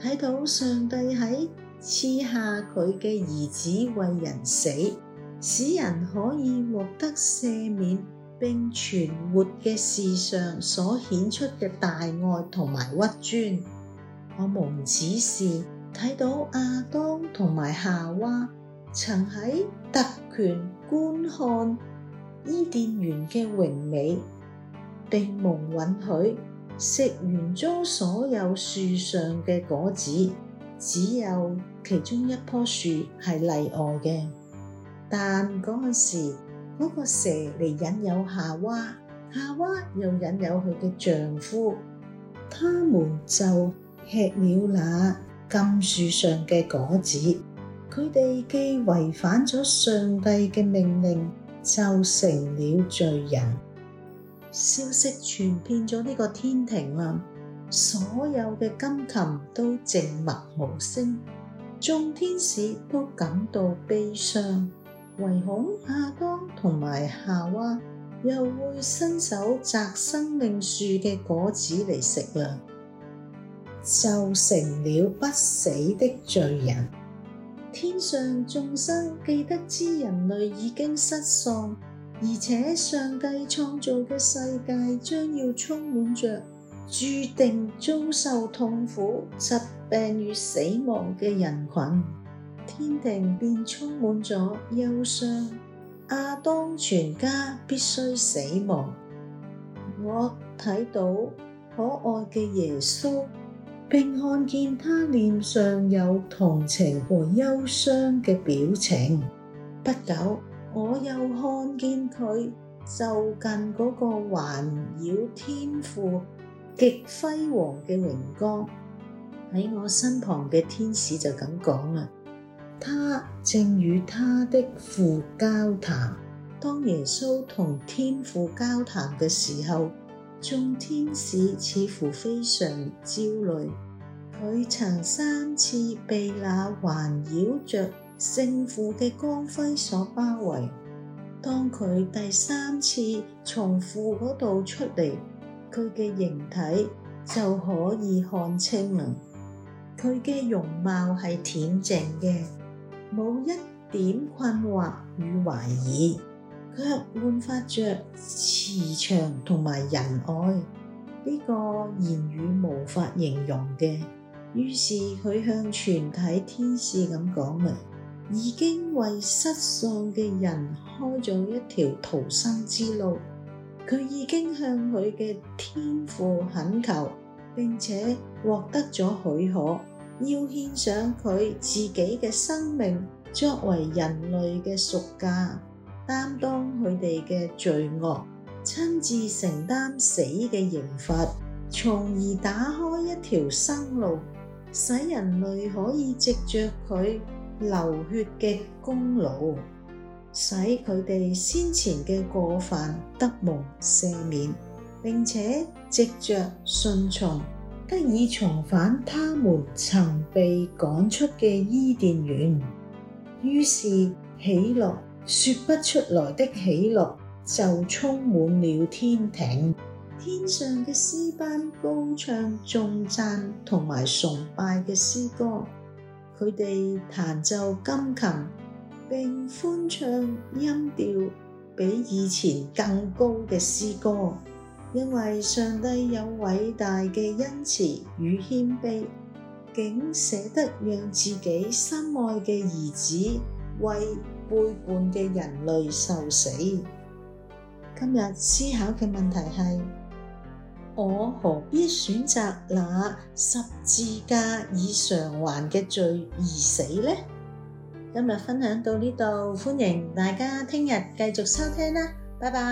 睇到上帝喺賜下佢嘅兒子為人死，使人可以獲得赦免並存活嘅事上所顯出嘅大愛同埋屈尊，我蒙此事，睇到亞當同埋夏娃曾喺特權觀看伊甸園嘅榮美，並無允許。食完咗所有樹上嘅果子，只有其中一棵樹係例外嘅。但嗰陣時，嗰個蛇嚟引誘夏娃，夏娃又引誘佢嘅丈夫，他們就吃了那禁樹上嘅果子。佢哋既違反咗上帝嘅命令，就成了罪人。消息傳遍咗呢個天庭啦，所有嘅金琴都靜默無聲，眾天使都感到悲傷，唯恐亞當同埋夏娃又會伸手摘生命樹嘅果子嚟食啦，就成了不死的罪人。天上眾生記得知人類已經失喪。而且上帝創造嘅世界將要充滿着注定遭受痛苦、疾病與死亡嘅人群，天庭便充滿咗憂傷。亞當全家必須死亡。我睇到可愛嘅耶穌，並看見他臉上有同情和憂傷嘅表情。不久。我又看見佢就近嗰個環繞天父極輝煌嘅榮光，喺我身旁嘅天使就咁講啦：「他正與他的父交談。」當耶穌同天父交談嘅時候，眾天使似乎非常焦慮，佢曾三次被那環繞着聖父嘅光輝所包圍。當佢第三次從父嗰度出嚟，佢嘅形體就可以看清啦。佢嘅容貌係恬靜嘅，冇一點困惑與懷疑，卻煥發着慈祥同埋仁愛，呢個言語無法形容嘅。於是佢向全體天使咁講啊！已經為失喪嘅人開咗一條逃生之路。佢已經向佢嘅天父懇求，並且獲得咗許可，要獻上佢自己嘅生命作為人類嘅贖價，擔當佢哋嘅罪惡，親自承擔死嘅刑罰，從而打開一條生路，使人類可以藉著佢流血嘅功勞，使佢哋先前嘅過犯得蒙赦免，並且藉着順從得以重返他們曾被趕出嘅伊甸園。於是，喜樂說不出來的喜樂就充滿了天庭。天上嘅詩班高唱頌讚同埋崇拜嘅詩歌。佢哋彈奏金琴，並歡唱音調比以前更高嘅詩歌，因為上帝有偉大嘅恩慈與謙卑，竟捨得讓自己心愛嘅兒子為背叛嘅人類受死。今日思考嘅問題係。我何必選擇那十字架以償還嘅罪而死呢？今日分享到呢度，歡迎大家聽日繼續收聽啦，拜拜。